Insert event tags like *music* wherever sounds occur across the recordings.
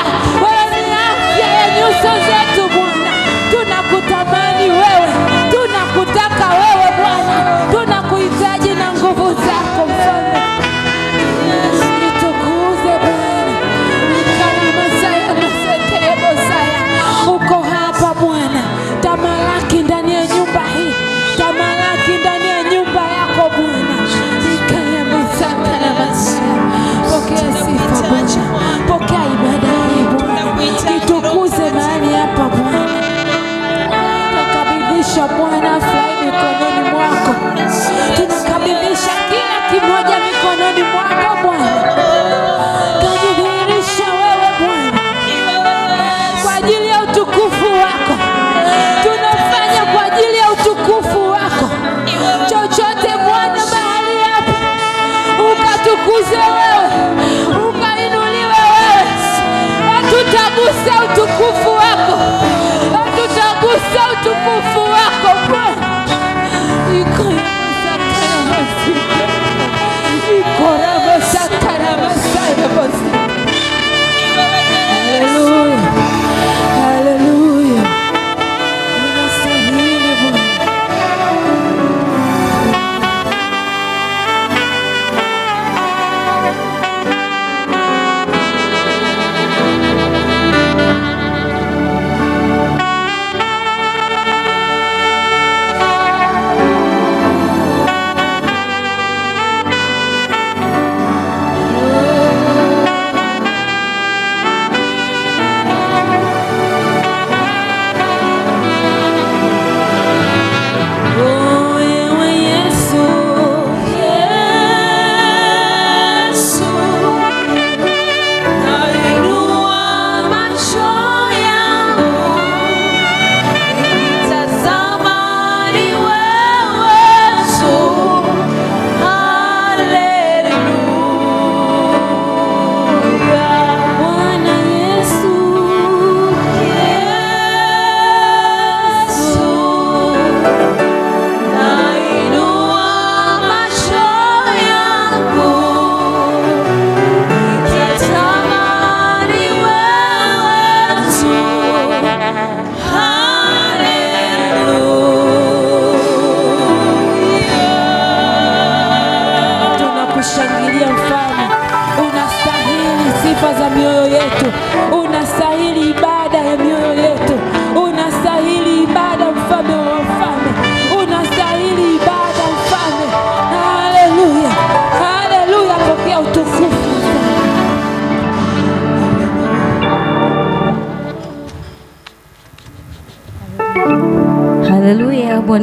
Hallelujah.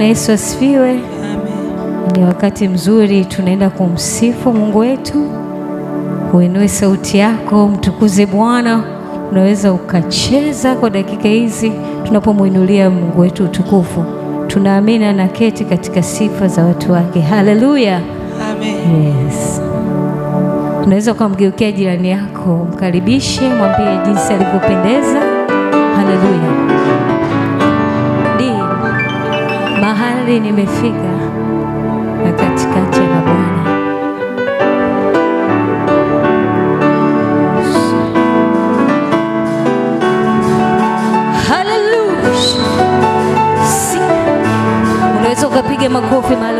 Bwana Yesu asifiwe. Ni wakati mzuri tunaenda kumsifu Mungu wetu. Uinue sauti yako, mtukuze Bwana. Unaweza ukacheza kwa dakika hizi tunapomwinulia Mungu wetu utukufu. Tunaamini anaketi katika sifa za watu wake. Haleluya. Amen. Yes. Unaweza ukamgeukia jirani yako, mkaribishe, mwambie jinsi alivyopendeza. Haleluya. mahali nimefika na katikati ya mabwana. Haleluya! Unaweza ukapiga makofi mahali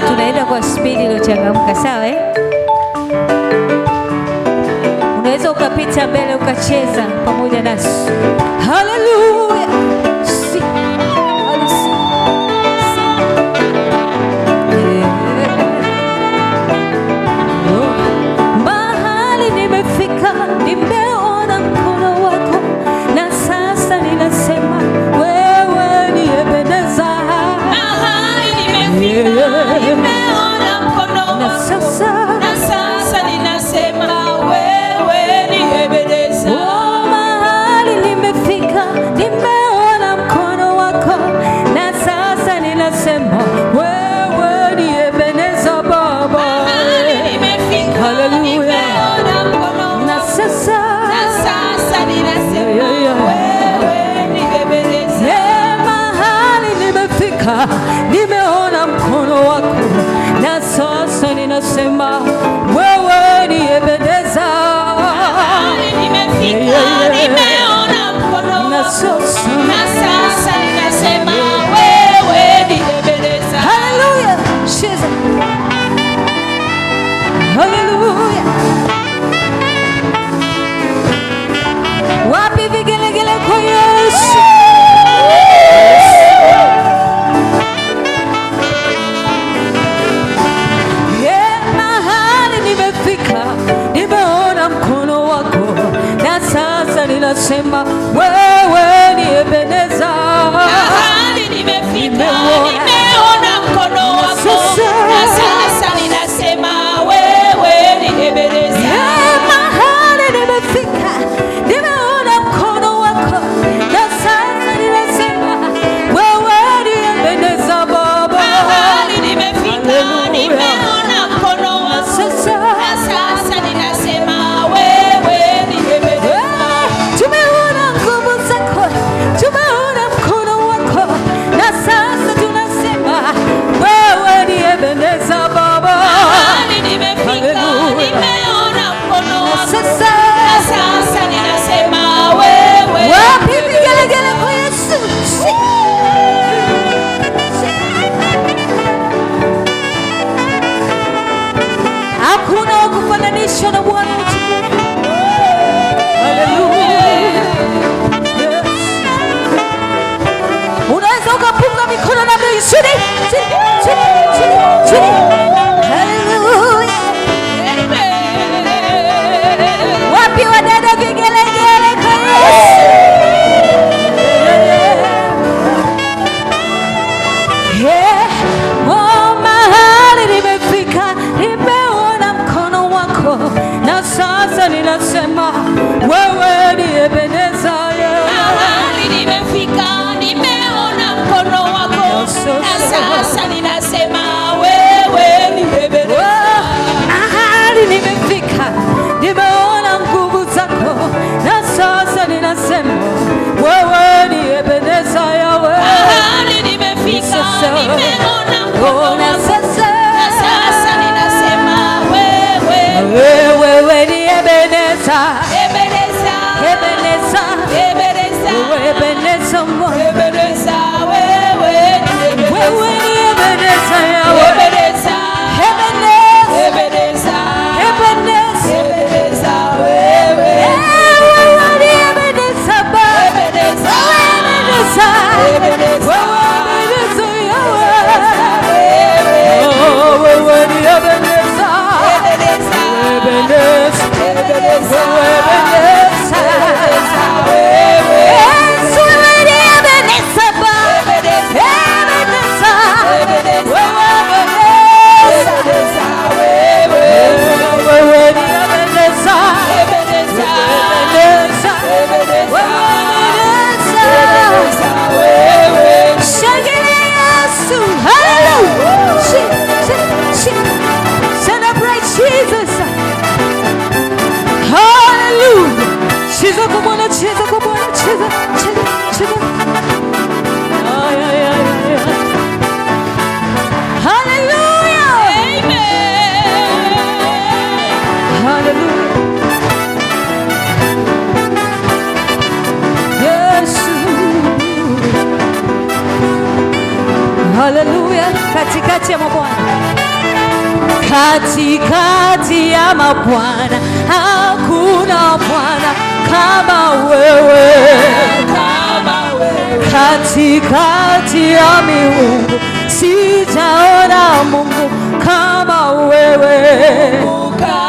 sasa tunaenda kwa spidi iliyochangamka, sawa eh? Unaweza ukapita mbele ukacheza pamoja nasi. Haleluya! nimegusika, nimeona mkono wako, na sasa ninasema wewe Sema vyama Bwana, hakuna Bwana kama wewe, kama wewe. Katikati ya miungu sijaona Mungu kama wewe Mungu.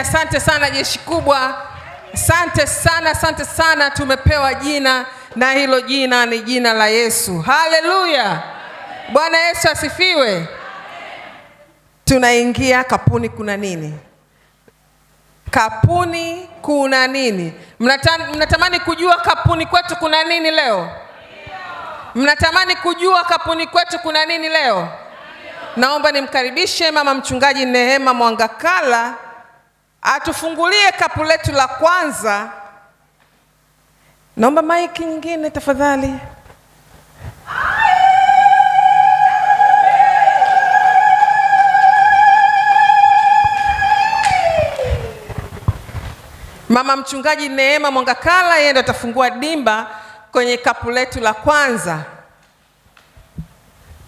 asante sana jeshi kubwa, asante sana, asante sana. Tumepewa jina na hilo jina ni jina la Yesu. Haleluya, Bwana Yesu asifiwe. Tunaingia kapuni, kuna nini? Kapuni kuna nini? mnatamani kujua kapuni kwetu kuna nini leo? Mnatamani kujua kapuni kwetu kuna nini leo? Naomba nimkaribishe mama mchungaji Nehema Mwangakala atufungulie kapu letu la kwanza. Naomba maiki nyingine tafadhali. Mama mchungaji Neema Mwangakala yeye ndo atafungua dimba kwenye kapu letu la kwanza.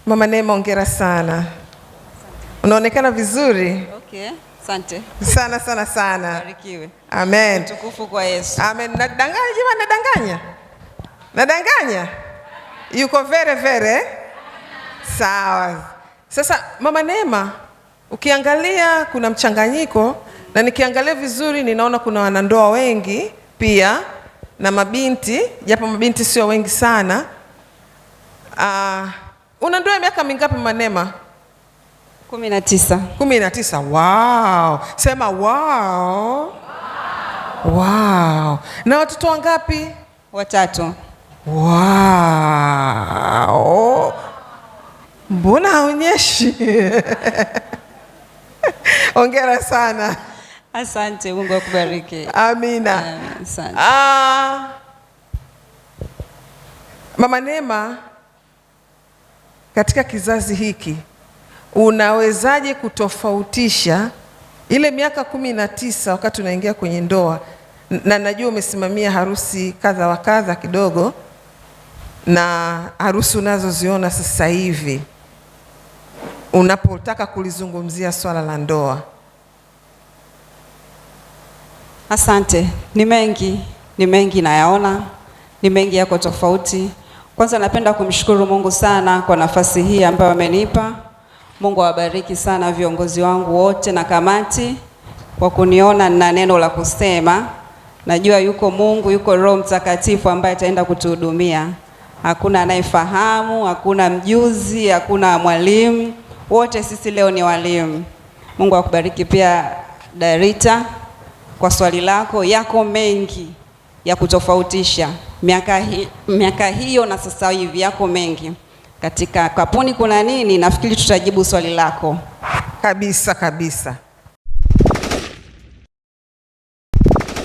Mama Neema, ongera sana, unaonekana vizuri okay. Asante sana sana sana. Barikiwe. Amen. Utukufu kwa Yesu. Amen. Nadanganya jamani, nadanganya nadanganya, yuko vere vere. Sawa. Sasa Mama Neema, ukiangalia kuna mchanganyiko na nikiangalia vizuri ninaona kuna wanandoa wengi pia na mabinti, japo mabinti sio wengi sana. Uh, una ndoa ya miaka mingapi Mama Neema? kumi na tisa. Kumi na tisa. Wow. Sema wow. Wow. Wow. Na watoto wangapi? Watatu. Wow. Mbona haonyeshi? *laughs* Ongera sana. Asante, Mungu akubariki. Amina. Asante. Ah, Mama Neema katika kizazi hiki unawezaje kutofautisha ile miaka kumi na tisa wakati unaingia kwenye ndoa, na najua umesimamia harusi kadha wa kadha kidogo, na harusi unazoziona sasa hivi, unapotaka kulizungumzia swala la ndoa? Asante, ni mengi, ni mengi nayaona, ni mengi yako tofauti. Kwanza napenda kumshukuru Mungu sana kwa nafasi hii ambayo amenipa Mungu awabariki sana viongozi wangu wote na kamati kwa kuniona na neno la kusema. Najua yuko Mungu, yuko Roho Mtakatifu ambaye ataenda kutuhudumia. Hakuna anayefahamu, hakuna mjuzi, hakuna mwalimu, wote sisi leo ni walimu. Mungu akubariki pia Darita kwa swali lako, yako mengi ya kutofautisha miaka, hi, miaka hiyo na sasa hivi, yako mengi katika kampuni kuna nini, nafikiri tutajibu swali lako kabisa kabisa.